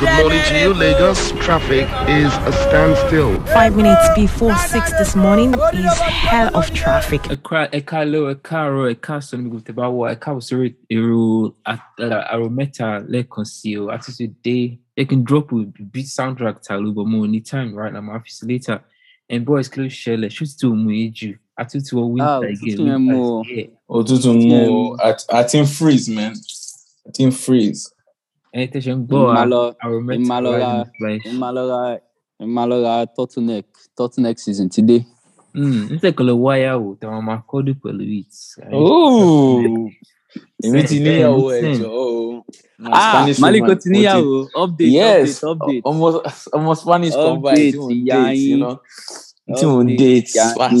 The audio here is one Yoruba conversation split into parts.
Good morning to you, Lagos. Traffic is a standstill. Five minutes before six this morning is hell of traffic. a ló ẹ̀ka ro ẹ̀ka sọ a gbogbo tẹ̀bá wọ ẹ̀ka A sórí èrò àrò mẹ́ta lẹ́ẹ̀kan sí o àti ṣe dé ẹ kí n drop with beat soundtrack ta but bọ̀ mo time right now my office later and boys kí ló ṣẹlẹ̀ ṣó ti tó mú e jù àtúntò win again. Òtútù mú o àti freeze man àti freeze. ẹni tó ṣe ń gbọ́ ìmàlọ́ra ìmàlọ́ra ìmàlọ́ra turtleneck turtleneck season ti dé. nítorí kan ló wáyà wò táwọn máa kọ́dù pẹ̀lú it. èmi ti níyàwó ẹ̀jọ̀ o. ah maliko ti níyàwó update yes update ọmọ spanish kan báyìí tí mò ń date tí mò ń date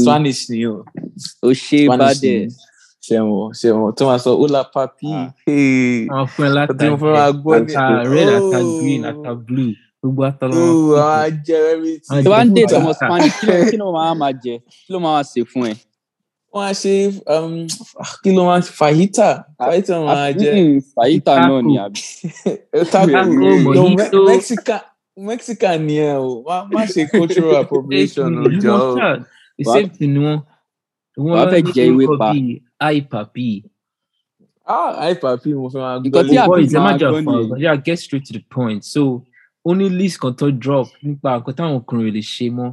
spanish ni o. o ṣe bá dẹ̀ ṣe wọn ṣe wọn tó máa sọ ọlá papi. àwọn ah. fún ẹ látàgbẹ àtà red àtà oh. green àtà blue gbogbo àtàlọ́. àwọn ajẹrẹ mi ti. tí wọ́n á ń dé tọmọ spanish kí ló máa máa jẹ kí ló máa ṣe fún ẹ. wọ́n á ṣe um, kí fajita fajita máa aje hmm, fajita náà ni àbí. taco mojito mexican mexican ni ẹ o má ṣe cultural appropriation ọjọ́ o. ìṣèpì ni wọ́n. wọ́n fẹ́ jẹ ìwé I papi. Ah, I papi. Because yeah, gbọ́. Nǹkan tí àbí ìṣe má jà get straight to the point. So, only ní list kan tó drop nípa nǹkan táwọn ọkùnrin ò lè ṣe mọ́.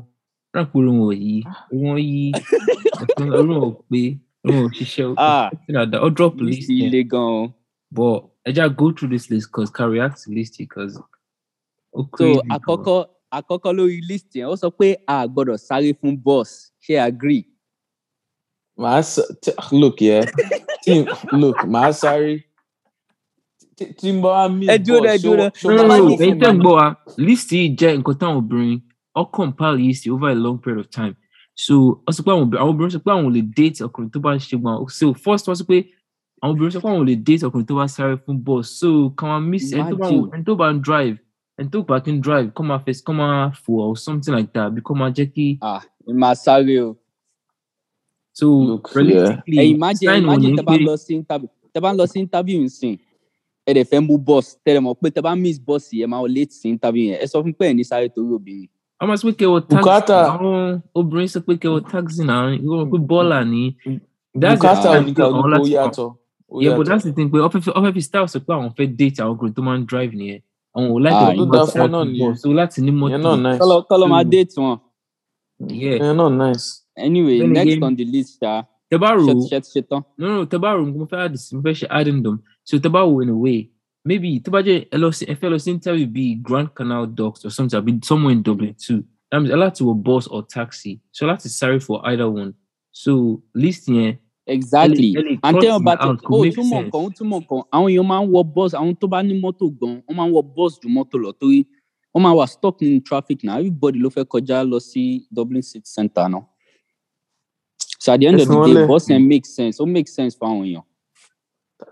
Rápò orin wọn yìí, wọ́n yí orin ò pé, orin ò ṣiṣẹ́ òkè. Ah, ó drop list yen But I just go through this list cause carry out to list yìí cause. So, àkọ́kọ́ àkọ́kọ́ lórí list yẹn, also sọ pé a gbọ́dọ̀ sáré fún boss. She agree? my t- look, yeah, team, look, my sorry. Timboa mi ẹdúró ẹdúró èyí tẹ́ ń gbọ́ wa list yìí jẹ́ nǹkan táwọn obìnrin compile list over a long period of time so ó sọ pé àwọn obìnrin sọ pé àwọn ò lè date ọkùnrin tó bá ń ṣe gbọ́n so first wọ́n sọ pé àwọn obìnrin sọ pé àwọn date okunrin to ba so 1st won so pe awon obinrin so date okunrin to Sorry, from boss. so come máa miss And tó bá ń drive And tó bá kí ń drive Come máa fẹsẹ̀ kàn máa fò or something like that Become a Jackie. ah ìmọ̀ sáré o. so Looks, realistically yeah. imagine imagine tẹ́ bá lọ sí interview tẹ́ bá lọ sí interview nsìn ẹ dẹ̀ fẹ́ mú bọ́ọ̀sì tẹ́ dẹ̀ mọ̀ pé tẹ́ miss boss, ẹ máa late sí interview yẹn ẹ sọ fún pé ẹ ní sáré torí obìnrin. ọmọ sọ pé kẹwọ táxi àwọn obìnrin sọ pé kẹwọ táxi náà ni. bùkátà oníkà ó yeah but that's the thing pé ọfẹ́ fi style sọ pé àwọn fẹ́ date àwọn ọkùnrin tó máa ń drive nìyẹn àwọn ò láti àwọn ọgbà fún ọ náà nìyẹn so láti ní mọ́tò kọlọ máa hmm. date wọn. ìyẹn náà nice. anyway then next again, on the list uh, Tabaru shit, shit, no no Tabaru mo fẹ́ add mo fẹ́ ṣe so Tabaru in a way maybe tó bá jẹ́ ẹlọ́sìn ẹfẹ́ Grand Canal Docks or something I've àbí somewhere in Dublin too that means to a bus or taxi so láti sorry for either one so list here. exactly and tell about it o túmọ̀ nǹkan o túmọ̀ nǹkan àwọn èèyàn máa ń wọ bus tó buy ní mọ́tò gun. wọ́n máa ń bus ju mọ́tò lọ torí wọ́n máa wà stuck in traffic now. everybody ló fẹ́ kọjá lọ sí Dublin city centre náà. so at the end of the day bọ́ọ̀sì ẹ̀ make sense ó make sense for àwọn èèyàn.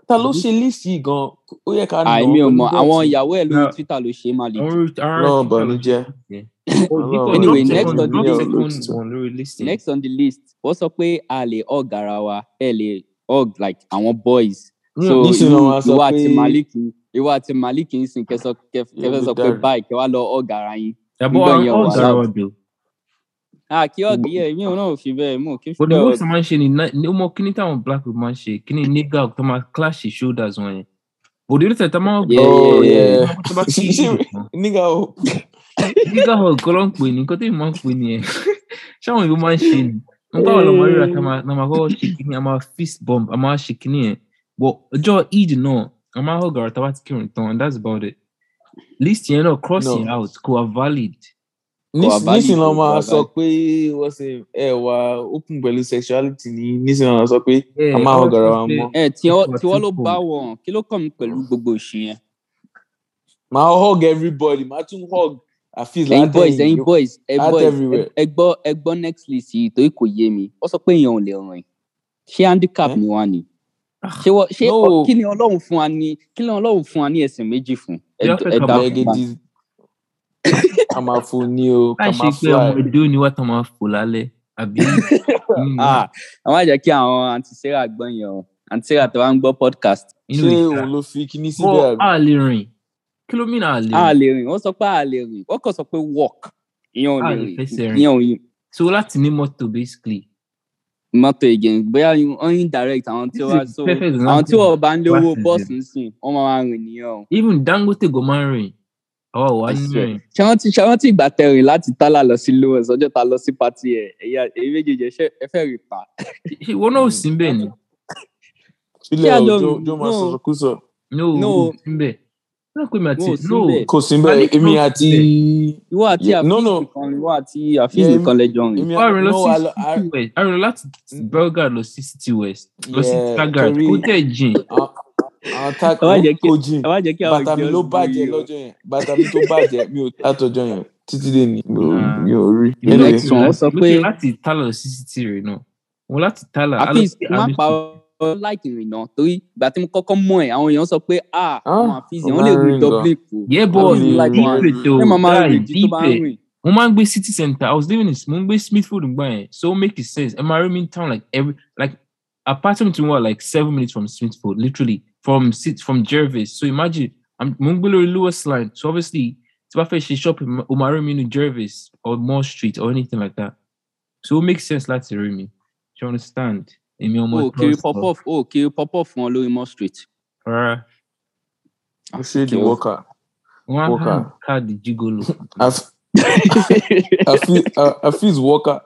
ta ló ṣe líìsì gan ó yẹ ká nà ọ́ àìmí ọmọ àwọn ìyàwó ẹ̀ lórí Twitter ló ṣe máa lè jù. náà bànújẹ́. anyway next on the list next on the list wọ́n sọ pé a lè hug ara wa ẹ lè hug like àwọn boys so ìwà àti Malik ìwà àti Malik ń sìn kẹfẹ sọ pé báyìí kẹwàá lọ hug ara yín. ẹ̀bùn ọ̀gá ara wa dùn. Ah, aqui ó guia, meu não, velho, meu, que foda. Quando você manche ni, o meu que nem tá um black manche, que nem nigga que toma clash shoulders one. O dele tá tamo Nigga. Nigga ho kolon queen, enquanto tem mão queen. Chama o manche. Não tá olhando mais aqui, mas na mago chiquinha, uma fist bomb, uma chiquinha. Well, jo Eid no. Ama ho gar tawat kirin ton, that's about it. Least you know crossing out, co valid. nísìnyí lọ máa sọ pé wọ́n ṣe ẹ wà open pẹ̀lú sexuality ní nísìnyí lọ sọ pé a máa hàn gọ̀rọ̀ wa mọ́. ẹ tiwọ́ ló bá wọn kí ló kàn mí pẹ̀lú gbogbo òṣì yẹn. máa hug everybody máa tún hug àfíìs látẹ̀yìn ẹ̀yin boys ẹ̀yin boys ẹ boys ẹ gbọ́ ẹ gbọ́ next list yìí torí kò yé mi wọ́n sọ pé èèyàn ò lè rìn ṣé handicap eh? ni wọ́n ni ah, ṣé wọ́n ṣé kí ni ọlọ́run fún wa ní kí ni ọlọ́run fún wa ní ẹsẹ̀ méjì fún ẹ̀dá fún wa ká máa fò ní o ká máa fò àyè. láìsí pé ọmọdé ò ní wà tán máa fò lálẹ́ àbí. àwọn àjẹ́ hmm. ah, kí àwọn àǹtí sarah gbọ́n yẹn o àǹtí sarah tó wá ń gbọ́ podcast. ṣé òun ló fi kíní síbẹ̀ rẹ̀. a lè rìn kí ló mìíràn a lè rìn. a lè rìn wọ́n sọ pé a lè rìn wọ́n kàn sọ pé walk ìyẹn ò lè rìn ìyẹn ò yìn. so láti ní mọ́tò basically mọ́tò again bóyá wọ́n indirect àwọn tí wọ́n so àwọn tí wọ́n bá ń lówó bọ́ọ̀sì ń sìn wọ́n máa rìn nìyẹn o. even Dangote go máa rìn ọwọ́ wa ní ẹ̀. ṣé wọ́n ti ṣé wọ́n ti gbà tẹ̀rìn láti tálà lọ sí lowes ọjọ́ ta lọ sí pati ẹ̀ ẹ̀yà èyí méjèèjì ẹ fẹ́ rí pa. ìwọ náà ò sí ń bẹ̀ ni. ilé ọjọ́ ọjọ́ máa sọ̀rọ̀ kú sọ. no no sí ń bẹ̀. no kò sí èmi àti. ìwọ àti àfíìsì kan ìwọ àti àfíìsì kan lọ sí city west ọ̀rìn láti belgrade lọ sí city west lọ sí stargard ó tẹ̀ jìn àwọn táàkì ó kojú bàtà mi ló bàjẹ́ lọ́jọ́ yẹn bàtà mi tó bàjẹ́ mi ò látọjọ́ yẹn títí dé ní ah. mi ò rí. ìlú ẹ̀sùn wọn sọ pé láti tálà lọ sí títì rẹ̀ náà wọn láti tálà. àfi má pa ọ láìkì rìn náà torí ìgbà tí mo kọ́kọ́ mọ̀ ẹ́ àwọn èèyàn sọ pé ah, ah àwọn àfihàn wọn lè rí dublin kù. yẹ bọ dípè tó láì dípè mo máa ń gbé city center i was living in mo ń gbé smithfield gbà yẹn so it sense ẹ máa in town like every like apartment tí mo like seven minutes from smithfield literally from from Jervis. So imagine I'm Mungbulo Lewis line. So obviously Tibafe she shop in Umaruminu Jervis or Moore Street or anything like that. So it makes sense láti Rumi. Do you understand? Oh, can you oh, pop off can you pop off from lórí Moore Street. Rárá. I see the worker. you go? I feel I feel worker.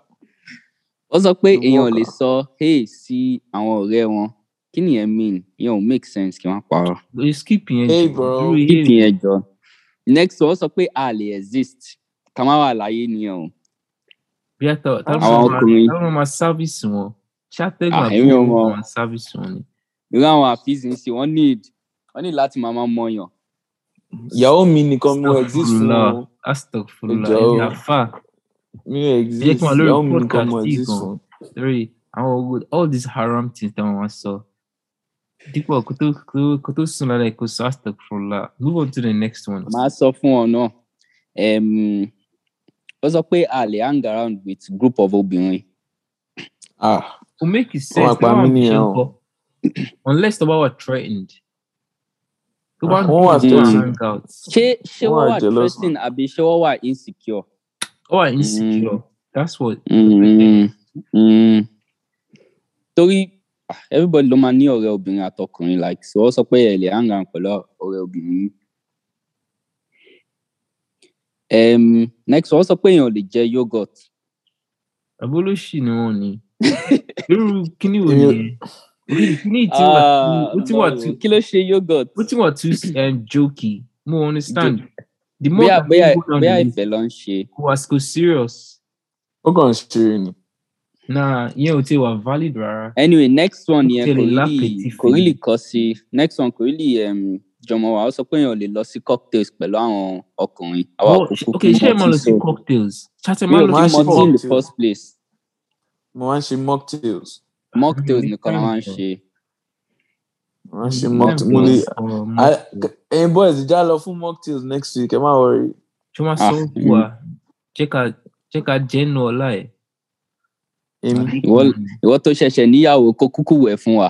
up, boy? In your list, sọ hey see, sí àwọn ọ̀rẹ́ one. Kí ni ẹ mean? Yẹn ò make sense kí wọ́n parọ́. Skipping ẹjọ́. Hey bro. Skipping ẹjọ́. Next wọ́n sọ pé a lè exist. Ká má wà láyé nìyẹn o. Bí a to. táwọn ọkùnrin. Táwọn máa sáfíìsì wọn. Ṣátẹ́gùn àbúrò wọn máa sáfíìsì wọn ni. Irú àwọn àfíìsì ń ṣe wọ́n need wọ́n need láti máa máa mọyàn. Ìyàwó mi nìkan mo exist fún wọn. Astagfirullah ẹni àfà. Mi ò exist. Ìyàwó mi nìkan mo exist fún. Lórí àwọn all these haram things táwọn wá sọ. So dípò kó tó kó tó kusasta lálẹ́ move on to the next one. màá sọ fún ọ náà ó sọ pé a lè hang around with group of obi? ah to make it sense tó wà ní ṣe kọ unless tó bá wà threatened tó bá wà hang out. ṣé ṣé wọ́n wà àbí ṣé wọ́n insecure. wọ́n wà insecure mm. that's what. Mm. Mm. torí Ah, everybody ló máa ní ọ̀rẹ́ obìnrin àtọkùnrin like so wọ́n sọ pé ẹ lè hang out pẹ̀lú ọ̀rẹ́ obìnrin. Um, next wọ́n sọ pé èèyàn lè jẹ yogurt. àbólóṣì ni wọ́n ní lóru kíní wo ni kíní tí wà ah, tí kí ló ṣe yogurt. ó ti wà too jokey mo understand. the more that you go down the list kò wá sí kò serious. ó kàn ń ṣe ni. Nah, yẹn ò tí wà valid rárá. Anyway, next one yẹn kò really kò really next one kò really um, jọmọ wa o sọ pé èèyàn lè lọ sí cocktails pẹ̀lú àwọn ọkùnrin. Àwọn àkókò oh, kò mọ̀ tí so. ṣé ẹ máa lọ sí cocktails? Ṣáṣẹ máa lọ sí cocktails? Mi ò in the first place. Mo máa ń ṣe mocktails. Mocktails mm-hmm. nìkan la máa ń ṣe. Mo máa ń ṣe mm-hmm. mocktails. ẹyin boys já lọ fún mocktails next week ẹ má wọrí. Ṣé wọ́n sọ ah, mm. wà? Jẹ́ ká jẹ́ nu ọ̀la Hmm. ìwọ tó ṣẹ̀ṣẹ̀ níyàwó kó kúkú wẹ̀ fún wa.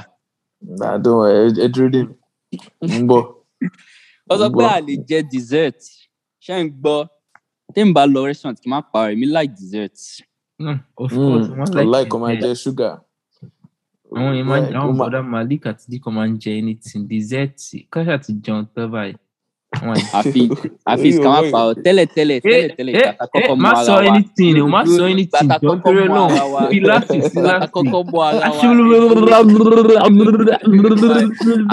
àdùn ẹ dúró dé mi ń bọ̀. wọ́n sọ pé a jẹ dessert ṣé ń gbọ́ tí n bá lọ restaurant kì í má pààrọ̀ èmi like dessert. Hmm, of hmm, course wọ́n like like ọmọ ẹ̀jẹ̀ ṣúgà. àwọn ìmọ̀ eh, àwọn bọ̀dá malik àti díkọ̀ máa ń jẹ anything dessert káṣà ti jẹun tán báyìí. Ouais. Àfi àfi sì kàn pa ọ tẹ́lẹ̀ tẹ́lẹ̀ eh, tẹ́lẹ̀ tẹ́lẹ̀ eh, ìgbàtakọ́kọ́ eh, mọ́ ara wa. Má sọ anything o, má sọ anything dọ́kítọ́rẹ́ náà. Pilates ìgbàtakọ́kọ́ mọ́ ara wa.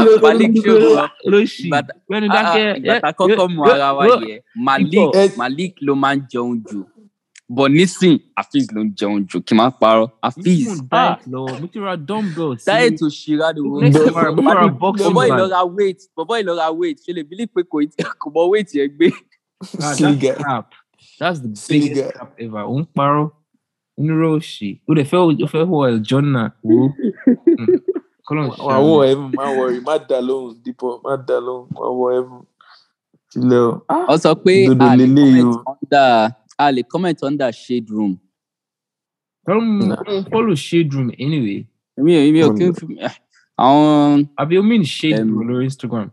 Afalikṣoro bọ̀ nísìn afeez ló ń jẹun jù kí n máa parọ́ afeez. Ah. mo ti ra dumbbells. diet ò ṣera ni wọ́n ń bọ̀ bọ̀bọ̀ ìlọra weight bọ̀bọ̀ ìlọra weight ṣe lè bílí pé kò mọ weight yẹn gbé. Ah, sliga that's the biggest cap ever ó ń parọ́ onírò òṣì ó dẹ̀ fẹ́ wọ ẹ̀ jọ́nà wò ó. Hmm. àwọ̀ ẹ̀mú má wọrí má dà lóhùn dípò má dà lóhùn má wọ ẹ̀mú. ó sọ pé àlè ah, comment under. Ali, lè comment under shade room. Tọ́lọ́mù follow shade room anyway. Me, me èmi ò kí n fi mean shade um, bro Instagram?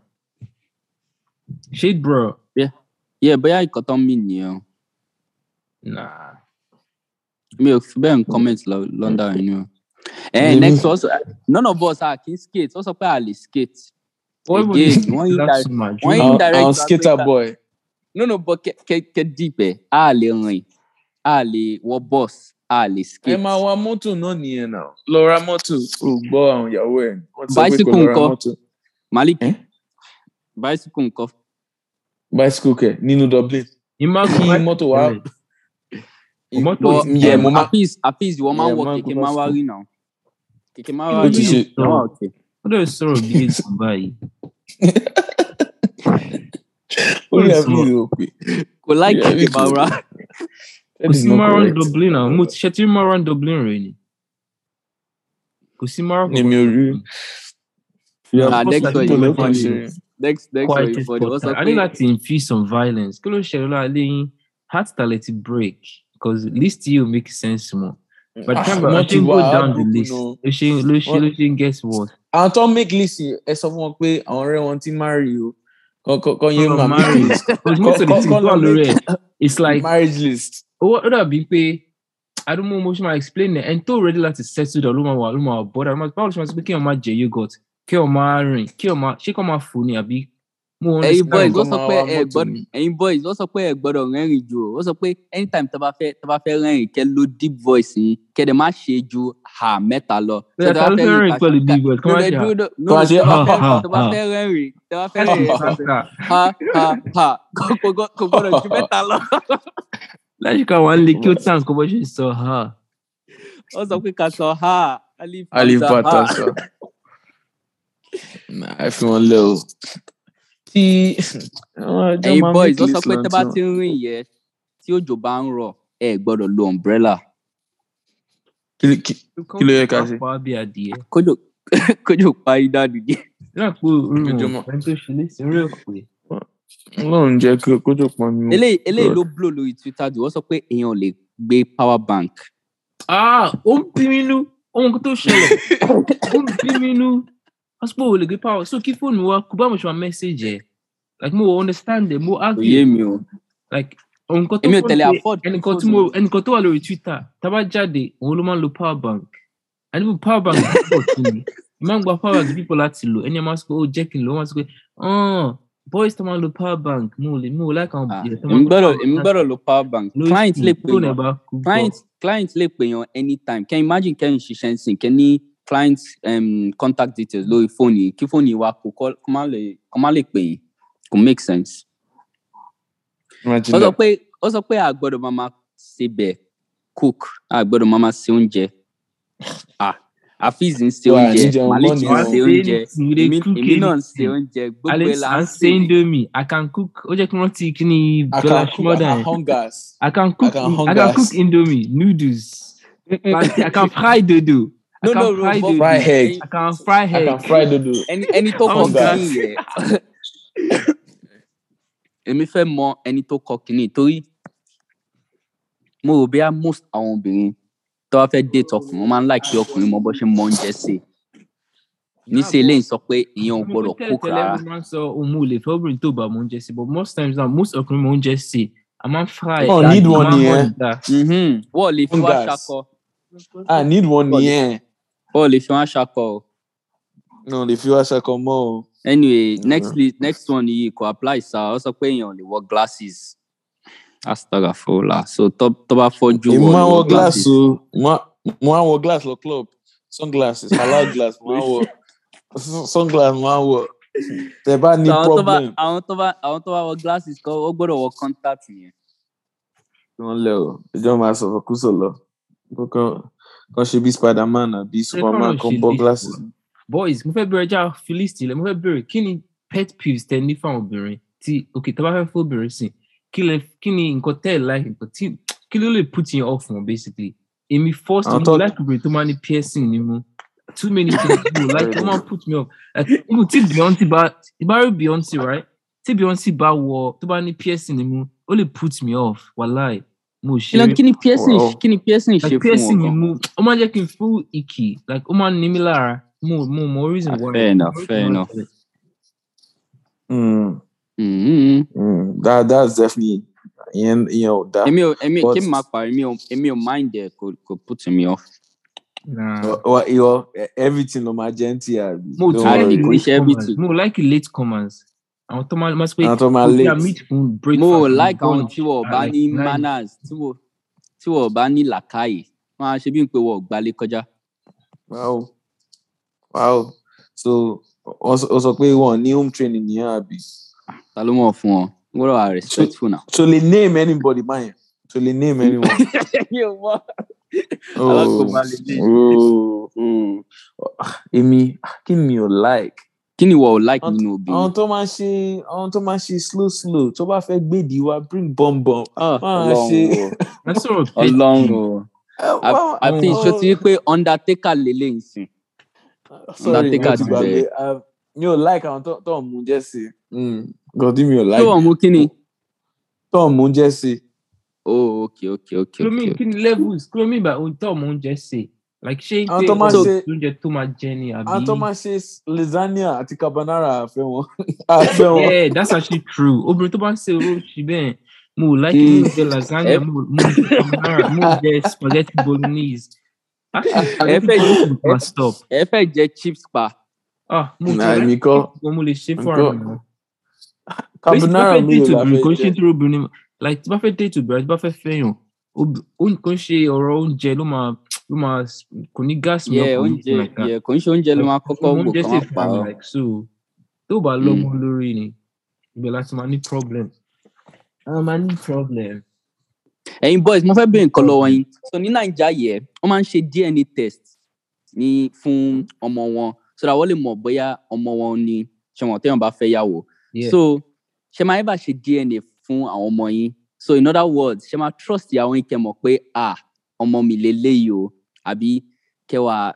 Shade bro. Yeah, yeah But I got on me nìyẹn. Nah. me ò fi bẹ́ẹ̀ ń comment London ẹni o. Eh, next also, none of us are kids. skate. Wọ́n sọ pé a lè skate. Again, one indirect. One indirect. Our skater boy. nínú bọ kẹkẹ dìgbẹ a lè rìn a lè wọ bus a lè skate. ẹ máa wa mọ́tò náà nìyẹn náà lọ ra mọ́tò kò gbọ́ àwọn ìyàwó ẹ̀ wọ́n ti sọ pé kò lọ malik bicycle ńkọ́. bicycle kẹ nínú dublin. ìmáàkì mọ́tò wa. mọ́tò yẹ mo máa. apis apis wọ́n máa ń wọ kẹ̀kẹ́ máa wá rí náà. kẹ̀kẹ́ máa wá rí náà. ó ti ṣe ó lè sọ̀rọ̀ bí ètò báyìí. olùyàbí rò pé kò láìkí ìmọ̀ra. kò sí moran dublin náà mo ti ṣe tí moran dublin rẹ ni kò sí moran. èmi ò rí àdẹ́gbọ̀ yìí fọ́ ni dẹ́gbọ̀ yìí fọ́ ni wọ́n sọ pé. a ní láti infuse some violence kí ló ń ṣẹlẹ̀ lọ́wọ́ alẹ́ yín heart talẹ̀ ti break because list yìí ò make sense mọ́ But the ah, time i go down the list ló ṣe ló ṣe ló ṣe ń get worse. àwọn tó ń make list ẹ sọ fún wọn pé àwọn ọ̀rẹ́ wọn ti marry o Con, con, con your mom. marriage. it's like marriage list. What oh, would oh, that be pay? I don't know much more explain it. And too ready to settle the Luma wa luma wa bọ́dà. Báwo ni mo ti pé kí ọmọ jẹ yogurt? Kí ọmọ rìn? Kí ọmọ ṣé kí ọmọ fò ẹ̀yin boys wọ́n sọ pé ẹ gbọ́dọ̀ ẹ̀yin boys wọ́n sọ pé ẹ gbọ́dọ̀ rẹ́rìn jù wọ́n sọ pé anytime tó bá fẹ́ tó bá fẹ́ rẹ́rìn kẹ́ ló deep voice yín kẹ́ dẹ̀ má ṣe ju ha mẹ́ta lọ. tó bá fẹ́ rẹ́rìn pẹ̀lú deep voice kọ́ máa ṣe ha tó bá fẹ́ rẹ́rìn tó bá fẹ́ rẹ́rìn ha ha ha kò gbọ́dọ̀ ju mẹ́ta lọ. láti ká wà ń lè kí ó tàn kó bọ́ ṣe sọ ha. wọ́n sọ pé ká sọ ha alif bata sọ. ẹ fi wọn lé o tí ẹ̀yin boys wọ́n sọ pé tẹ́ bá ti ń rìn yẹ tí òjò bá ń rọ̀ ẹ gbọ́dọ̀ lo umbrella. kí ló yẹ ká ṣe. kójò kójò pa idá nìyí. lápò ìrìn ẹni tó ṣe léṣe rẹ pé. Ọlọ́run jẹ́ kí kójò pọn mi. eléyìí ló blow lórí Twitter jù wọ́n sọ pé èèyàn lè gbé power bank. Ah, ó ń bí mi nú ohun tó ṣẹlẹ̀ ó ń bí mi nú. That's what will grip power. So keep phone work, kuba mo shwa message eh. Like mo understand them, mo argue. Oye mi o. Like òun kan tó èmi ò tẹ̀lé afford ẹnìkan tí mo ẹnìkan tó wà lórí Twitter tá a bá jáde òun ló máa ń lo power bank àní mo power bank pọ̀ sí mi mo máa ń gba power bank pípọ̀ láti lò ẹni máa ń sọ pé ó oh, jẹ́ kí n lò ó máa ń sọ pé oh, boys tó máa ń lo power bank mo lè mo láìka àwọn ah, bìyẹn tó máa ń lo power bank. èmi gbọ́dọ̀ lo power bank client lè pè yàn client lè pè yàn anytime can imagine kẹ́yìn ṣiṣẹ́ ń sìn kẹ́ ní client um, contact details lórí fóònù yìí kí fóònù yìí wa kò kọ́ kó má lè pè yín kò make sense. ó sọ pé ó sọ pé àgbọ̀dọ̀ máa ṣe bẹ̀ cook àgbọ̀dọ̀ máa ṣe oúnjẹ àfíìsì ń ṣe oúnjẹ malik ń ṣe oúnjẹ èmi náà ń ṣe oúnjẹ gbogbo ẹ̀ la ń ṣe indomie i can cook ó jẹ́ kí wọ́n ti kí ni dollar smother i can cook i can cook indomie noodles eh, eh, i eh, can fry dodo no, no, no, fry, fry I can fry egg. I can fry dodo. Any any tó kọ kìíní yẹn. Èmi fẹ́ mọ ẹni tó kọ kìíní torí mo rò bíyà most àwọn obìnrin tó bá fẹ́ date ọkùnrin wọ́n máa ń láìkí ọkùnrin mọ bó ṣe mọ oúnjẹ ṣe. Níṣẹ́ eléyìí sọ pé ìyẹn ò gbọdọ̀ cook rárá. Mo máa ń sọ òun ò lè fẹ́ obìnrin tó bá mọ oúnjẹ ṣe but most times now most ọkùnrin mọ oúnjẹ ṣe. A máa ń fry. Oh, mm-hmm. Wọ́n ah, need one nìyẹn. Wọ́n lè fi wá I need one nìyẹn. Oh, lè fi wọn ṣakọ o. n ò lè fi wọn ṣakọ mọ́ o. anyway mm-hmm. next yeah. next one yìí kò apply sa ọ sọ pé èèyàn ò lè wọ glasses astagafurula so tó bá fọ́jú wọ glasses. ìmọ̀ wọ glass o mo á wọ glass lọ club sunglasses allow glass mo á wọ sunglasses mo á wọ tẹ bá ní problem. àwọn tó bá àwọn tó bá wọ glasses kan ó gbọ́dọ̀ wọ contact yẹn. wọ́n lẹ̀ o ìjọba máa sọ̀rọ̀ kúsò lọ. Kan ṣe bí Spiderman àbí Superman kan bọ́ glasses. Boys, mo fẹ́ bẹ̀rẹ̀ já Felicity lẹ̀, mo fẹ́ bẹ̀rẹ̀ kí ni pet peeves tẹ ní fáwọn obìnrin tí ok tá a bá fẹ́ fún obìnrin sìn kí lẹ kí ni nǹkan okay Taba a ẹ̀ láì nǹkan tí kí lè put yín off wọn basically. Èmi first mo like obìnrin tó máa ní piercing ni mo too many things like tó máa put me off. Mo see Beyonce bá Barry Beyonce right? See Beyonce bá wọ Too many piercing ni mo ó lè me off wàláì. mo ṣe rí kí ni piercing kí ni piercing ṣe fún ọ piercing mo ó máa jẹ́ kí n fún ìkì like ó máa ní mi lára mo mo mo reason ah, why fair enough fair enough. Mm. Mm-hmm. Mm. That that's definitely ìyẹn ìyẹn ò dáa. èmi ò èmi kí n máa parí èmi ò èmi ò mind ẹ kò kò put me off. Nah. Everything ló máa jẹ́ ń tí a. Mo tún like mo like late comers àwọn tó máa sọ pé àwọn tó máa late mo like àwọn tí wọn bá ní manners tí wọn bá ní làkàyè wọn á ṣe bí n pé wọn gbalé kọjá. wow wow so ó sọ pé wọn ní home training nìyẹn àbí. ta ló mọ̀ fún ọ n gbọ́dọ̀ wà respectful na. so le name anybody mayan so le name anyone. Oh mọ alákòóbá lè lè. Oh, oh. èmi kí mi ò like kí ni ìwọ ò like nínú obìnrin. àwọn tó máa ń ṣe àwọn tó máa ń ṣe slow slow tó bá fẹ́ gbèdì wa bring bomb bomb. máa ṣe Ọlọ́run o eh, àti oh. ìṣó ti rí pé undertaker lélẹ̀ ìsìn. Ah, undertaker ti bẹ. Ah, mi ò like àwọn tó ń mú jẹ́ sí hmm, gọdí mi ò like. tó ń mú kí ni. tó ń mú jẹ́ sí. I oh, ok ok ok. kí ló mìíràn kí ni levels kí ló mìíràn bá ohun tó ń mú jẹ́ sí like ṣé àwọn tó máa ṣe oúnjẹ tó máa jẹ ni àbí àwọn ṣe lasagna àti carbonara àfẹ wọn àfẹ wọn. yeah that's actually true obìnrin tó bá ń ṣe oríṣi bẹ́ẹ̀ mo ò like mo jẹ lasagna eh? mo mo jẹ carbonara mo jẹ spaghetti bolognese actually i stop. ẹ fẹ́ jẹ chips pa. ah mo jẹ chips pa mo lè ṣe fún ara mi. carbonara mi ò la fẹ́ jẹ like tí bá fẹ́ date obìnrin tí bá fẹ́ fẹ́yàn nǹkan ṣe ọ̀rọ̀ oúnjẹ ló máa ó máa kò ní gáàsì mọ́ kò ní kò náà oúnjẹ ló máa kọ́kọ́ wò so tó bá hmm. lọ́gbọ́n lórí ni ibẹ̀ láti máa ní problem a máa ní problem. ẹ̀yin boys mo fẹ́ bẹ̀rẹ̀ nǹkan lọ́wọ́ yín so ní nàìjíríà yẹ wọ́n máa ń ṣe DNA test ní fún ọmọ wọn so that wọ́n lè mọ̀ bóyá ọmọ wọn ni ṣọwọ́n tẹ́wọ̀n bá fẹ́ yàwó so ṣe máa ever ṣe DNA fún àwọn ọmọ yín so in other words ṣe máa trust ìyàwó yín kẹ́ mọ̀ pé ah ọmọ mi lè léyìí o àbí kẹwàá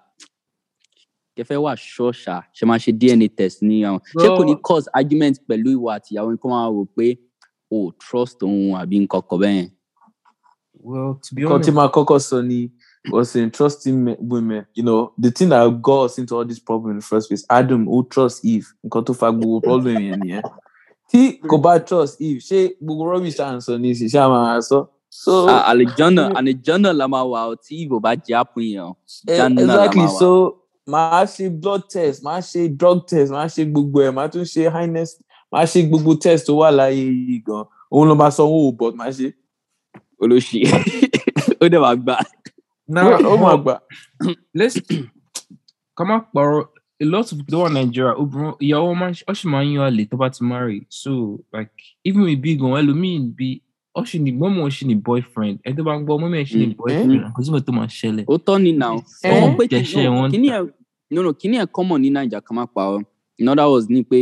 kẹfẹ́ wà ṣọ́ọ̀ṣà ṣe máa ṣe DNA test ní àwọn ṣé kò ní cause argument pẹ̀lú ìwà àtìyàwó nǹkan máa rò pé o trust òun àbí nǹkan kọ̀ bẹ́ẹ̀. well to be honest nǹkan tí màá kọ́kọ́ sọ ni was in trusting women. You know, the thing that got us into all this problem in the first place, Adam who trust Eve, nǹkan tó fa gbogbo problem yẹn nìyẹn. Tí kò bá trust Eve, ṣé gbogbo rubbish à ń sọ ní ìṣiṣẹ́ àwọn àṣọ? so àlejànà àlejànà la máa wà ọ tí bá jẹ àpín yẹn jànà e, exactly so màá ṣe blood test màá ṣe drug test màá ṣe gbogbo ẹ màá tún ṣe highness màá ṣe gbogbo test tó wà láyé yìí gan òun ló máa sọ owó but màá ṣe. olóṣì ó dẹ̀ máa gbà. na ó máa gbà. let's kọ́má pọ̀rọ̀ a lot of people in Nigeria obìnrin ìyàwó ọmọ ọ̀ṣun máa ń yan àlè tó bá ti marry so like even with big one ẹlòmíì bíi ó ṣì ní gbọ́mọ̀ ó ṣì ní boyfriend ẹ tó bá ń gbọ́ mọ́mọ́ ẹ ṣì ní mm-hmm. boyfriend kò síbò tó máa ṣẹlẹ̀. ó tọ́ ni na ọmọ pé kíní ẹ̀ common ní naija kan máa pa ọ in other words ni pé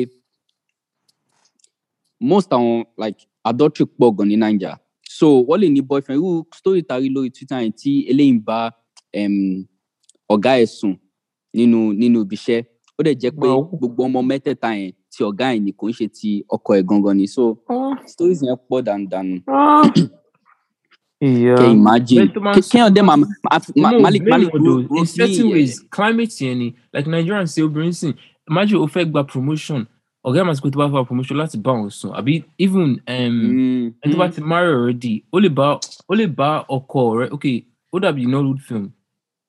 most àwọn like adultery pọ̀ gan ní naija so wọ́n lè ní boyfriend irú story tari lórí twitter yẹn tí eléyìí ń bá ọ̀gá ẹ̀ sùn nínú nínú ibiṣẹ́ ó dẹ̀ jẹ́ pé gbogbo ọmọ mẹ́tẹ̀ẹ̀ta yẹn ti ọ̀gá ẹ̀ ni kò ń ṣe ti ọkọ ẹ̀ gangan ni so ah. stories yẹn pọ̀ dandan. Yeah. Can imagine. Can them ma, ma, ma, no, Malik Malik do in certain ways climate yẹn ni like Nigerian say obìnrin sin imagine ó fẹ́ gba promotion ọ̀gá ẹ̀ máa ti kó tó bá fa promotion láti bá òun sùn àbí even um, hmm. ẹni tó bá ti marry already ó lè bá ó lè bá ọkọ rẹ̀ ok ó dàbí iná lóòd film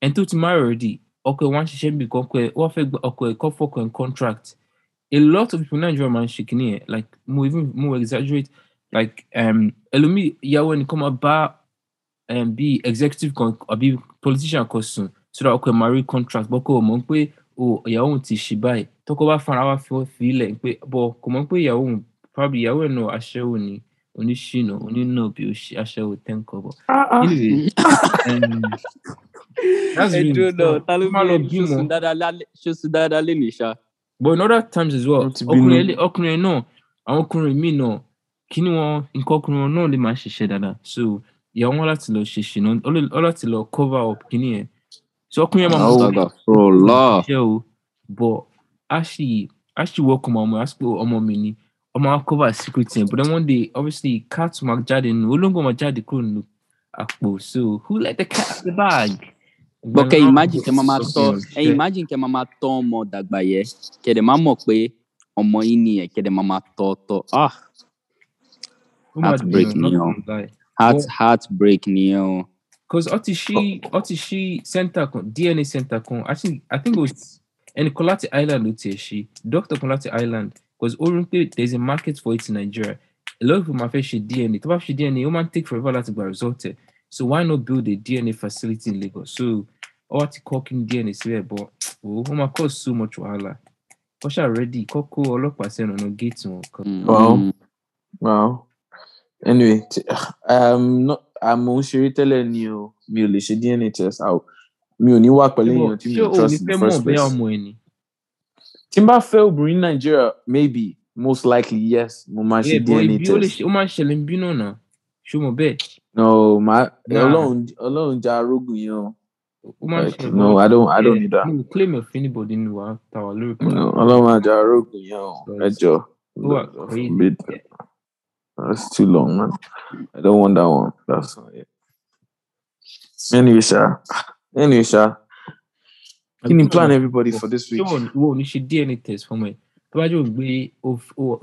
ẹni tó ti marry already ọkọ ẹ̀ wá ń ṣiṣẹ́ bí ọkọ ẹ̀ wá fẹ́ gba ọkọ ẹ̀ kọ́ fọkọ contract a lot of people now in German shikini, like more even more exaggerate, like um Elumi Yawen come about and be executive con or be politician costume so that okay marry contract but kò mọ̀ pé o oh, ìyàwó òun ti ṣì báyìí tọkọ bá fara wá fi ilẹ̀ pé bọ̀ kò mọ̀ pé ìyàwó òun probably ìyàwó ẹ̀ náà aṣẹ́wó ni oníṣìnà onínà bí aṣẹ́wó tẹ́ǹkọ̀ bọ̀ anyway that's really cool. ẹ dúró náà ta ló bí ṣoṣù dáadáa lé nìṣá. But in other times as well, okay, ọkùnrin náà àwọn ọkùnrin míì náà kí ni wọn nǹkan ọkùnrin wọn náà lè máa ṣiṣẹ́ dáadáa so ìyàwó wọn láti lọ ṣe ṣìnà ọ láti lọ cover up kí ni so okay, yẹn máa mọ̀ ọ́ ṣe o but actually, actually, a ṣì welcome ọmọ a sì pé ọmọ mi ni ọmọ cover secret thing, but then one day obviously cats máa jáde nù olóńgbò máa jáde kúrò nù àpò so who let the cat out the bag. Bọ́kẹ́ imagine kẹ́ mama, tọ́ ẹ imagine kẹ́ mama, tọ́ ọmọ dàgbà yẹ kẹ́dẹ̀ máa mọ̀ pé ọmọ yín ni ẹ̀ kẹ́dẹ̀ máa tọ́ tọ́ ah heartbreak ni o heart heartbreak ni o. cause ọtí ṣí ọtí ṣí center kan DNA center kan I think I think it was ẹni Kolati Island ló tiẹ̀ ṣí Dr Kolati Island cause ó rí pé there is a market for it in Nigeria a lot of people máa fẹ́ ṣe DNA tó bá ṣe DNA ó máa ń take forever láti gba result ẹ̀ so why not build a DNA facility in Lagos so ɔwate kɔɔkin deɛ ne sɛ ɛbɔ oo wɔn ma kɔɔ so much wahala wɔhyɛ already kɔkɔ ɔlɔpàá sɛ no no gate wɔn kɔ. wow wow anyway um, no, àmọ́ ń ṣeré tẹ́lẹ̀ ni o mi ò lè ṣe dna test out mi ò ní wà pẹ̀lú èèyàn tí mi ò trust in the first place. tí n bá fẹ́ obìnrin nàìjíríà maybe most likely yes mo máa ṣe dna test. ó máa ṣẹlẹ̀ ń bínú náà ṣó mo bẹ́ẹ̀. no ọlọ́run ọlọ́run ja arógùn yẹn o no, I don't. I don't need that. You claim if anybody knew after our look. No, I don't want Jaroku. Yo, that That's too long, man. I don't want that one. That's not it. Anyway, sir. Anyway, sir. Can you plan everybody for this week? Wọ́n ní do DNA test for fọmọ ẹ̀. Tó bá jẹ́ pé o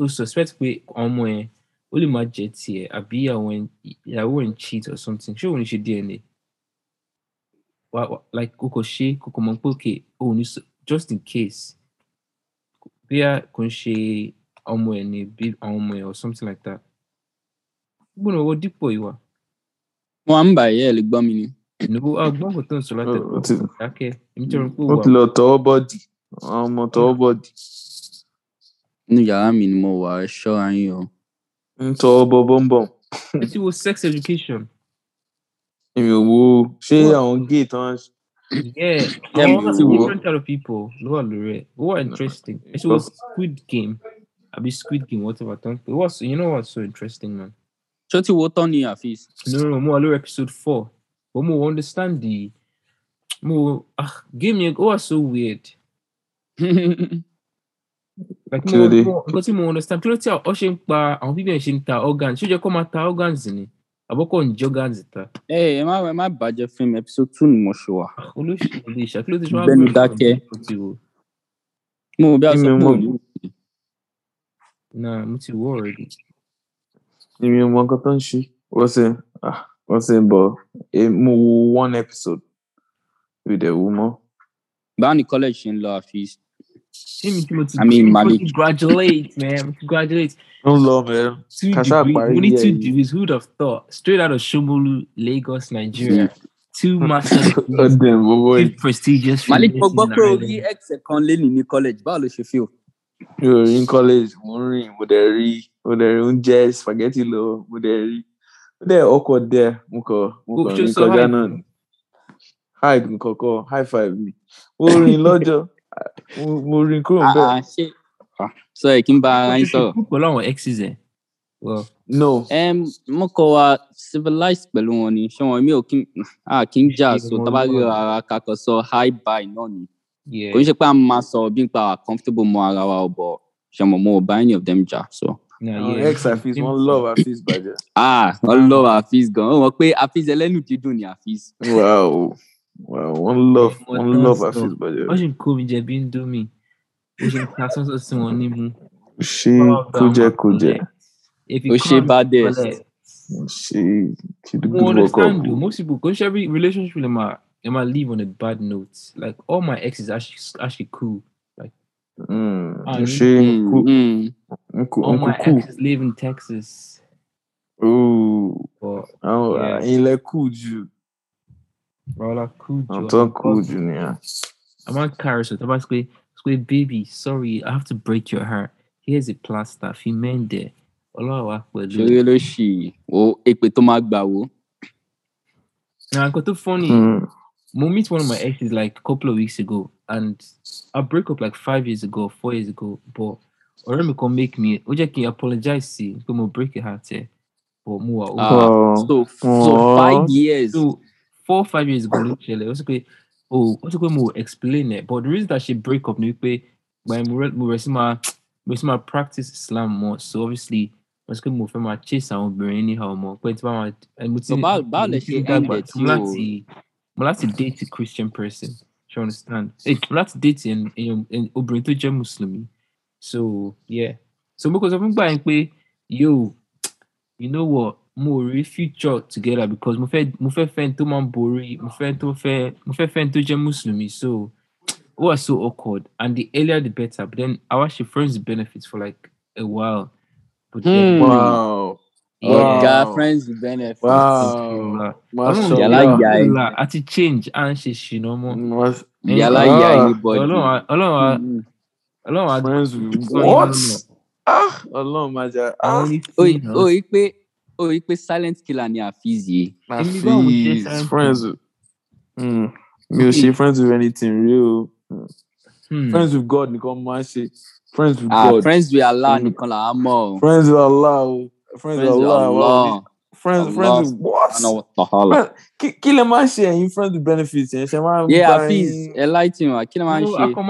suspect pé ọmọ ẹ̀ ó lè máa jẹ I àbí I won't cheat or something. Ṣé wọ́n ní ṣe DNA? like kókò ṣe kókò mọ̀ pé òkè just in case bí a kò ń ní bí or something like that gbọ́dọ̀ no, wọ dípò ìwà. wọn à ń bà ẹ lè gbọ́ mi ni. ìnáwó agbọ́n kò tó ń sọ látẹ̀kọ́ dákẹ́ èmi jẹ́ pé wà. ó ti lọ tọwọ́ bọ́ọ̀dì ọmọ tọwọ́ bọ́ọ̀dì. inú yàrá mi ni mo wà ṣọ́ra yín o. ń tọwọ́ sex education mi ò wo ṣé àwọn gay tán. yeah àwọn different type of people ló wà interesting it was squid game I be squid game whatever It was you know what's so interesting man. ṣó ti wo tán ni àfíìs. no no mo wà episode four but more understand the More ah game me ó wà so weird. like mo nǹkan tí mo understand kí ló tí ọ ṣe ń pa àwọn bíbí ẹ̀ ṣe ń ta organs ṣó jẹ́ kó máa organs ni. aboko ń jogans ta. ẹ ẹ má ẹ má bàjẹ́ fún mi episode two ni mo ṣe wà. olùṣèlú ìṣàkílò ti ṣe wá bẹ̀rẹ̀ dákẹ́. mo bí a sọ pé òní. náà mo ti wọ already. èmi ò mọ nǹkan tó ń ṣe wọ́n ṣe wọ́n ah, ṣe bọ̀ mo wo one episode with a woman. báwo ni college ṣe ń lọ àfi I mean, Malik. Congratulate, man. Congratulate. No law, man. Two degrees, only two degrees. Who'd have thought? Straight out of Shomolu, Lagos, Nigeria. Two masters. Oh, oh, two prestigious. Malik Pogbokro, ex Conlin in college. Báwo ló ṣe feel? You're in college, mo ń rìn, mo dẹ̀ rí, mo dẹ̀ rí oúnjẹ spaghetti lọ, mo dẹ̀ rí. Ó there. ọkọ̀ díẹ̀, mo kọ̀, mo kọ̀ rìn kọjá náà. high five mi. Mo rìn lọ́jọ́. mo rí i kúrò bẹ́ẹ̀. Ah, ah, ṣé ah, sọ ẹ kí n bá ara yín sọ̀rọ̀. pẹ̀lú àwọn exes ẹ̀. no. mo kọ wa civilized pẹ̀lú wọn ni ṣé wọn mi ò kí n jà so tábàrí ara kakọ sọ high bye náà ni kò ń ṣe pé a máa sọ bí n pa wà comfortable mọ ara wa ọbọ ṣe mo mo bá any of them jà so. ex afis wọn love afis bàjẹ́. ah wọn love afis gan-an wọn pe afis ẹlẹ́nu dídùn ni afis. wow. Uau, one love, one love I fez bajẹ. Wọ́n ṣì ń kó mi jẹ bí ń dún mi. She ṣe ń ta sọ́sọ́ sí wọn ní mu. Ó ṣe good work oh. most people, kò every relationship lè máa lè máa leave on a bad note. Like all my exes actually actually cool. Like, I'm nkú nkú nkú. All my exes live in Texas. Oh, àwọn like cool you. Cool Anton Cool Jr. I'm on Carousel. I'm Squid. Squid, baby, sorry, I have to break your heart. Here's a plaster. You Fi mende. Ọlọ́wà pẹ̀lú. Ṣeré ló ṣì wo èpè tó máa gbà wo. Now, I got too funny. Mm. Mo meet one of my exes like a couple of weeks ago and I broke up like five years ago, four years ago, but ọ̀rẹ́ mi make me ó kí apologize sí pé mo break your heart eh? but mo wà ah, So, so five years. So, four five years ago ló ṣẹlẹ̀ ó sì pé o oh, ó sì pé mo explain it but the reason that she break up ni when we rẹ̀ sí máa practice Islam more so obviously I was sì pé mo fẹ́ my chase àwọn obìnrin ní more. ọmọ it's tí bá máa eh, mo ti báwo lè ṣe dàgbà tí mo láti mo láti date a Christian person you understand eh, mo láti date obìnrin tó jẹ́ Mùsùlùmí so yeah so because I'm fún gbà yín pé yo you know what mo rí future together because mo fẹ́ mo fẹ́ fẹ́ tó máa ń borí mo fẹ́ tó fẹ́ mo fẹ́ fẹ́ tó jẹ́ mùsùlùmí so it was so awkward and the earlier the better but then our she friends benefits for like a while but then, mm. wow yeah. Wow. friends with benefits. Wow. Wow! Yàrá yà ẹ́. Àti change à ń ṣe ṣìnà mọ́. Yàrá yà ẹ́ bọ̀dì. Ọlọ́run Ọlọ́run hmm. Ọlọ́run What? Ah! Ọlọ́run máa jà. Oyi pé oh, ikpe silent killer ni Afizi. Afiz, friends. With, mm, mi ò friends with anything real. Mm. Friends with God nìkan máa ń Friends with ah, God. Friends with Allah hmm. nìkan là amo. Friends with Allah Friends, with Allah o. Friends Allah. friends with what? Kí lè máa ṣe ẹ̀yin friends with benefits yẹn? Ṣé máa ń gba ẹ̀yin? Yeah, Afiz, ẹ láì tì A kí lè máa ń ṣe? Akọ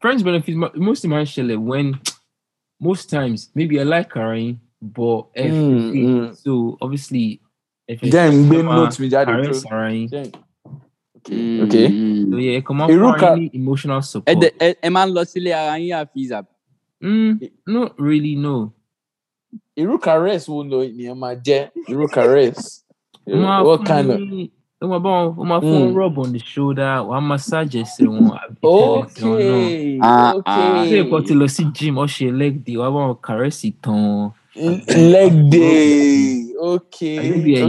friends benefits mostly máa ń when most times maybe I like her. yín but if Mm, hmm. so obviously, if it's then gbé note mi jáde Okay. Okay. So yeah, come on. máa emotional support. Ẹ máa ń lọ sílé ara hmm, Not really, no. Irú caress wo lo ènìyàn my jẹ́? Irú caress. What kind of? Ó máa bá hmm. wọn rub on the shoulder, wàá massage ẹsẹ̀ wọn Okay. Ah, okay. Ah. Ṣé ìkọ́ ti lọ gym, ó ṣe leg day, wàá bá wọn caress leg day okay Okay.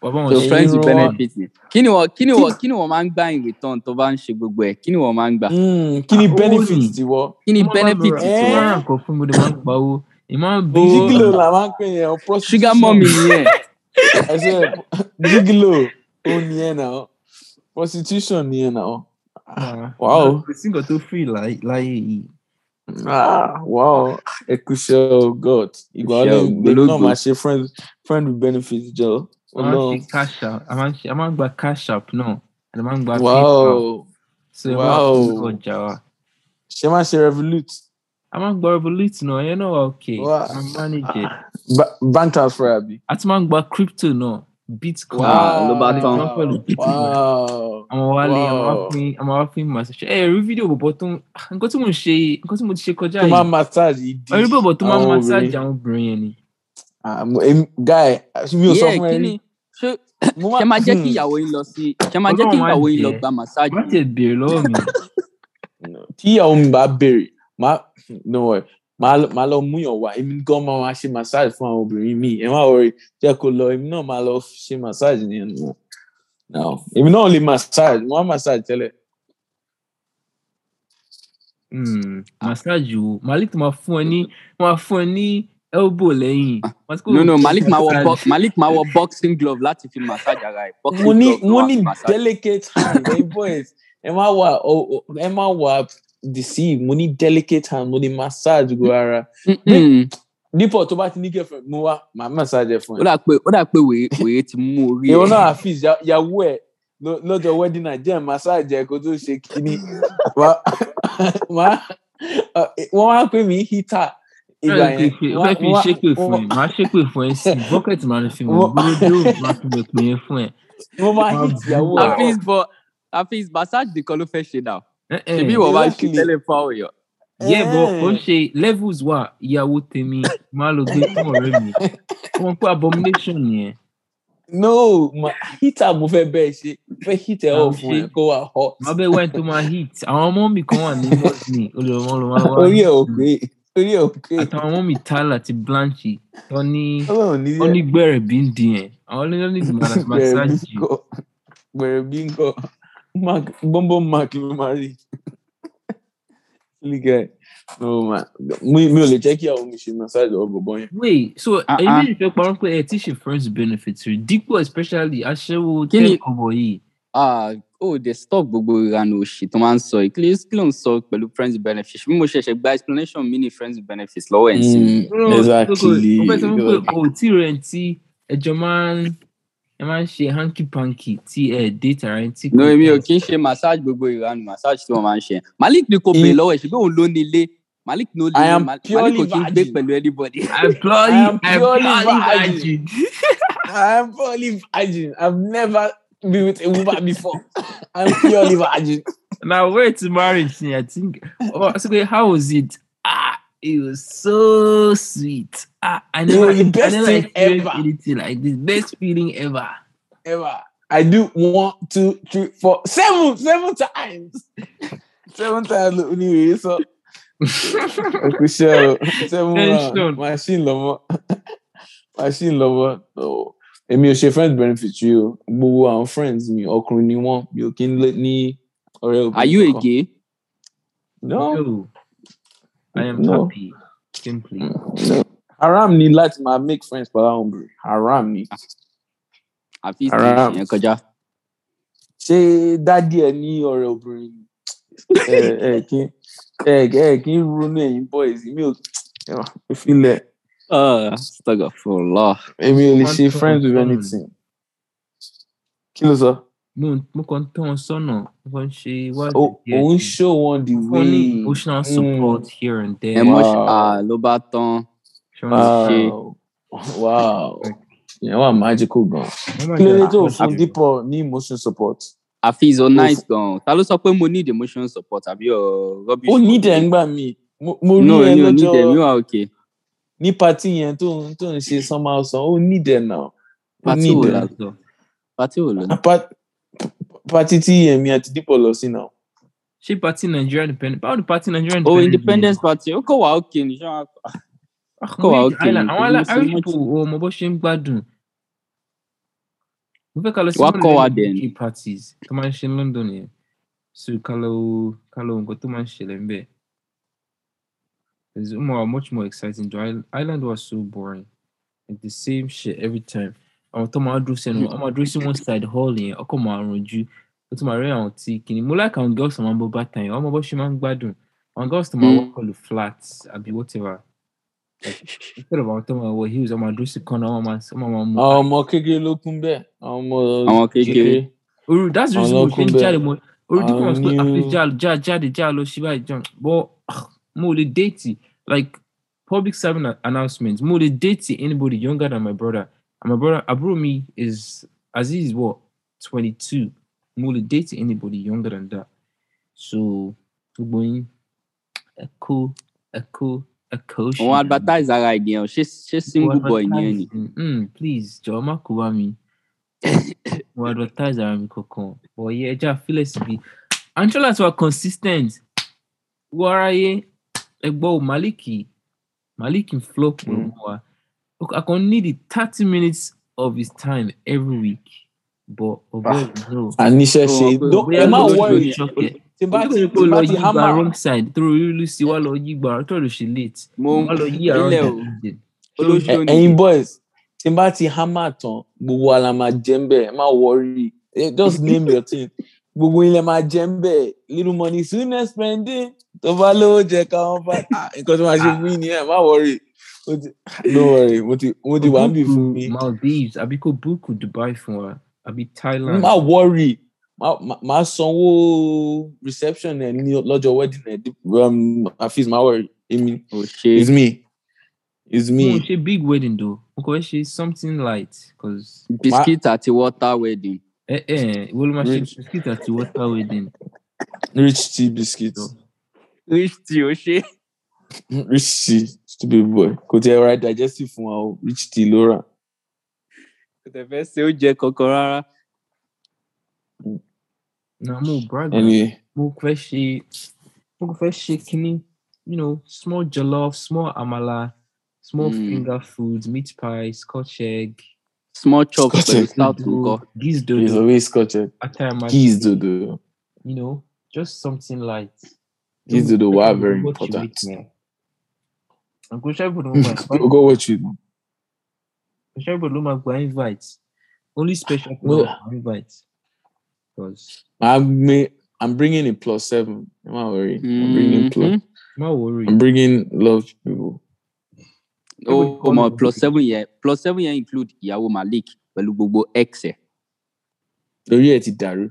So ẹ̀yìn ro trying to benefit ni kí ni wọn kí ni wọn kí ni wọn máa ń gbà in return tó bá ń ṣe gbogbo ẹ̀ kí ni wọn máa ń gbà. benefit hmm, tiwọ. kí ni ah, benefit tiwọ. wọn máa ń kọ fún mi wọn máa ń gbà owó ìmọ̀ bó. dígìlò la máa ń pè yẹn prostitution. sugar mummy nìyẹn. ẹ ṣe dígìlò ó nìyẹn náà prostitution nìyẹn náà. Ah. wàá o. kò sí nǹkan tó free láyé yìí. Ah, wow. Ekusho God. Ìgbàlódé gbogbo náà máa ṣe friend friend with benefits Joe. jọ. A máa ń I'm app, I'm ń gba cash app náà, I'm ń gba Wow! So wow. ọjà wa. Ṣé máa ṣe revolute? A máa ń gba revolute náà, ẹ náà wà òkè. A máa ń manage it. Bank transfer àbí? A ti máa ń gba crypto No. Bitcoin. Wow, ló bá tán. Àwọn wa lè àwọn afin àwọn afin massage. Ẹ rí fídíò bọ̀bọ̀ tó ń nǹkan tí mo ń ṣe nǹkan tí mo ti ṣe kọjá yìí. Tó máa massage ìdí. Ẹ rí bọ̀bọ̀ tó massage àwọn obìnrin yẹn ni. Guy, mi ò sọ fún ẹ rí. Ṣé ṣe máa jẹ́ hmm. kí ìyàwó yín lọ sí ṣe máa jẹ́ kí ìyàwó yín lọ gba massage? Má tẹ̀ bèrè mi. Tí ìyàwó mi bá bèrè, má no worry máa lọ mú yàn wá èmi gan máa wá ṣe massage fún àwọn obìnrin mi ẹ má wọrí jẹ́ kó lọ èmi náà máa lọ ṣe massage ní ẹnu wọn èmi náà lè massage wọn massage tẹ́lẹ̀. Hmm, massage wo malik máa fún ẹ ní máa fún ẹ ní elbow lẹ́yìn. Ah, no no malik máa wọ malik máa wọ boxing glove láti fi massage ara ẹ. mo ní mo ní delicate hand ẹ eh, boys ẹ má wà ẹ má wà deceive mo ní delicate hand mo ní massage go ara nípò tó bá ti ní girlfriend mo wá màá massage ẹ fún ẹ. ó dà pé ó dà pé wèé wèé ti mú orí ẹ. ìwọ náà àfíìs yàwó ẹ lọ́jọ́ wedding night jẹ́ massage ẹ kó tó ṣe kíní wọ́n wá pè mí heater ìgbà yẹn. o fẹ́ fi ṣépè fún ẹ máa ṣépè fún ẹ sí bọ́kẹ̀tì máa ń fi wọ́n gbọ́dọ̀ máa fi lè pè é fún ẹ. mo máa hit ìyàwó ẹ. àfíìs bọ àfíìs massage nìkan ló fẹ́ ṣe náà. Eh, ṣebí eh, wọ́n wá ṣe tẹ́lẹ̀ fáwọn èèyàn. yẹ bọ eh. ó ṣe levels wa ìyàwó tèmi máa lọ gbé fún ọ̀rẹ́ mi wọ́n pé abomination yẹn. no ma heater mo fẹ́ bẹ́ẹ̀ ṣe fẹ́ heat ẹ ọ fún ẹ kó wà hot. má bẹ́ẹ̀ wẹ́n tó máa heat àwọn ọmọ mi kan wà ní mọ́sìnì olùrànwọ́ ló máa wá. orí ẹ ò pé orí ẹ ò pé. àtàwọn ọmọ mi Tyler àti Blanche tó ní onígbẹ̀rẹ̀ bí ń di yẹn àwọn onígbẹ̀rẹ̀ bí ń kọ́. Mac, Bombo Mac ló máa rí. Lígẹ̀ mi ò lè jẹ́ kí àwọn mi ṣe massage ọgbọ̀n bọ́ yẹn. Wait, so èmi lè fẹ́ parọ́ pé ẹ ti ṣe first benefit rí dípò especially aṣẹ́wó tẹ́kọ̀bọ̀ yìí. Oh, the stock gbogbo ìranù òṣì tó máa ń sọ yìí. Kílí kí sọ pẹ̀lú friends benefits? Bí mo ṣẹ̀ṣẹ̀ gba explanation mi ní friends benefits lọ́wọ́ n sí. Exactly. Ó fẹ́ sọ fún pé o tí rẹ̀ ti ẹjọ́ máa ń ẹ ṣe hanky panky ti ẹ dé tarantic. no èmi ò kí ń ṣe massage gbogbo ìranù massage tí wọn máa ń ṣe malik ni kò pè lọ́wọ́ ẹ ṣùgbọ́n òun ló ní ilé malik ló ní ilé malik kò kí ń gbé pẹ̀lú anybody. i am purely i am purely virgin. i am purely virgin i have never been with a woman before i am purely virgin. na where to marriage ni i think oh, so how was it. Ah. It was so sweet. I, I never, the best I thing ever. anything like this. Best feeling ever. Ever. I do one, two, three, four, seven, seven times. seven times anyway. So Okusha, seven round. Machine lover. Machine lover. Oh. Èmi your friends benefit you, but Gbogbo àwọn friends me ọkùnrin ni you can let me ń lé ní Are you a gay? No. no. I am no. happy. Simply. Mm, no. Haram ni láti my make friends for that obìnrin. Haram ni. Ah. Àfi ìsìn ìyẹn kọjá. Ṣé dádì ẹ ní ọ̀rẹ́ obìnrin? Ẹ kí ẹ kí n ronú feel it. mi ò filẹ̀. Ah, for Èmi ò lè she friends with anything. Kí ló sọ? mo mo kàn tọ́ wọn sọ́nà wọ́n ṣe ìwádìí ò ń show wọn the way wọ́n emotional hmm. support mm. here and there. emotion ah, ló bá tán ṣe wow ìyẹn wà magical gan kí ló dé tó fún dípò ní emotion support. àfihàn o nice gan ta ló sọ pé mo need emotion support àbí ọ rubbish. ó ní dẹ̀ ń gbà mí mo rí ẹ lọ́jọ́ ní pati yẹn tó ń tó ń ṣe sọmọ ọsàn ó Need dẹ̀ náà. pati wo la sọ pati wo la. Party èmi àti Dípò lọ policy now. Ṣé party Nigeria independent? Báwo ni party Nigeria oh, independent? Oh, independence party, ó kọ̀ wá òkè ní ṣáà. Ó kọ̀ wá ah, òkè ní. Àwọn aláìpò ọmọ bó ṣe ń gbádùn. Mo fẹ́ ká lọ sí London UK parties tó máa ń ṣe London yẹn. So ká lọ ká lọ nǹkan tó máa ń ṣẹlẹ̀ ń bẹ̀. It's much more exciting. The island was so boring. Like the same shit every time ọ̀tọ́ máa dúró sẹ́nu ọ máa dúró sí one side hall yẹn ọkọ̀ máa rùn ju ó tún máa rí àwọn tí kìíní mo láìka àwọn girls tó máa ń bọ́ bàtà yẹn ọmọ bó ṣe máa ń gbádùn àwọn girls tó máa hmm. wọ́ kọlù flat àbí whatever instead of àwọn tó máa wọ heels ọmọ àdúró sí kan náà ọmọ máa mú. àwọn ọmọ kékeré ló kún bẹ́ẹ̀ àwọn ọmọ kékeré oru that's the reason mo ṣe ń jáde mo oru dípò mo sọ àfi já ah, jáde já lọ sí báyìí john but ah, mo lè déètì like public serving announcement mo lè déètì anybody younger than my brother and my brother Abrumi is Aziz is what 22. Mula date anybody younger than that. So going echo echo echo. Oh, advertise that idea. She's she's single boy ni. Mm, please, Joma Kubami. Oh, advertise that mi kokon. But yeah, ja feel it be. consistent. Where are you? Waraye egbo Maliki. Maliki flow mm. I can need it 30 minutes of his time every week. But ọ̀bẹ ah, no. Àníṣe ṣe no worry tí bá wrong side through rí lu sí wa lọ yí late. mo ń ilẹ̀ boys tí bá ti hammer tán gbogbo worry just name your thing gbogbo ilẹ̀ little money soon spending tó bá lówó jẹ káwọn bá ah, nǹkan tó máa ṣe fún worry. no worry, do what do ti wà níbi fún mi. Maldives àbí kò búùkù Dubai for. I be Thailand. My worry, My my má sanwó reception and lodge lọ́jọ́ wedding I feel um, my worry, èmi, it's me. It's me. It's ṣe big wedding though, mo kò something light. Because Biscuit at the water wedding. Eh eh. wo ló máa ṣe biscuit àti water wedding? Rich tea biscuit. Rich tea o rich tea stupid boy Could tiẹ̀ write digestive fún wa o Laura? Could ló first kò tẹ̀ Kokorara? No oúnjẹ kankan More na mo bragga mo fẹ́ ṣe mo fẹ́ you know small jollof small amala small mm. finger foods meat pie scotch egg. small chops pẹ̀lú stout nǹkan. geese dodo it's always scotch egg geese dodo. you know just something light. geese dodo wa very important. Uncle Shabu don't invite. go watch it. Uncle Shabu don't go invite. Only special people no. Because I'm I'm bringing a plus do not worry Mm-hmm. I'm bringing plus. seven. Mm-hmm. Not worry. I'm bringing love people. Oh, come on, plus seven yẹn plus seven yẹn include ìyàwó Malik pẹ̀lú gbogbo x ẹ̀. Lórí ẹ̀ ti dàrú,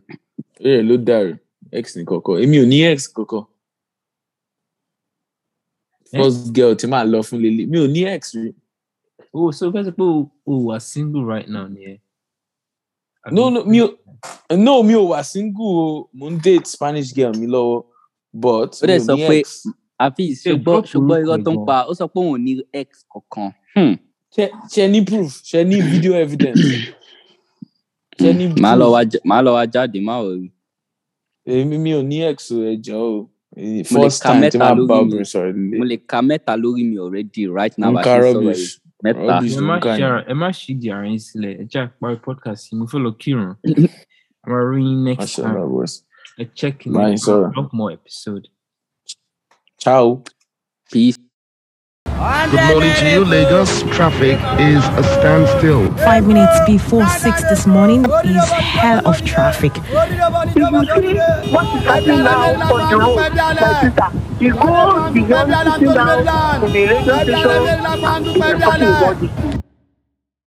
lórí ẹ̀ ló dàrú, x ní kọ̀ọ̀kan, èmi ò ní x kọ̀ọ̀kan. Eh? first girl tí màá lọ fún lélẹ̀ mi ò ní ex rí. o oh, so fẹ́ sọ pé o wà single right now nìyẹn. no no mi mm. no mi ò wà single o mo ń date Spanish girl mi lọ́wọ́ but mi ò ní ex. àfi ṣùgbọ́n ṣùgbọ́n irọ́ tó ń pa ó sọ pé òun ò ní ex kankan. Hmm. ṣe ní proof ṣe ní video evidence. ṣe ní proof. màá lọ wá jáde má ò rí. èmi mi ò ní ex o ẹ jọ̀ọ́ o. first time tí máa bá obìnrin sọ̀rọ̀ nílé. mo ka mẹ́ta lórí mi already right now. n ka rubbish mẹ́ta. ẹ má ṣì di àárín sílẹ̀ ẹ jẹ́ àpá podcast yìí mo fẹ́ lọ kírun. I'm reading next time. I check in. A lot more episode. Ciao. Peace. Good morning to you, Lagos. Traffic is a standstill. Five minutes before six this morning is hell of traffic. Did you see what is happening now on the road, my sister? You go beyond sitting down to the radio station,